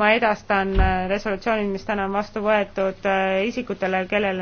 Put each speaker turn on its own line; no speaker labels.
ma edastan äh, resolutsioonid, mis täna on vastu võetud äh, isikutele, kellele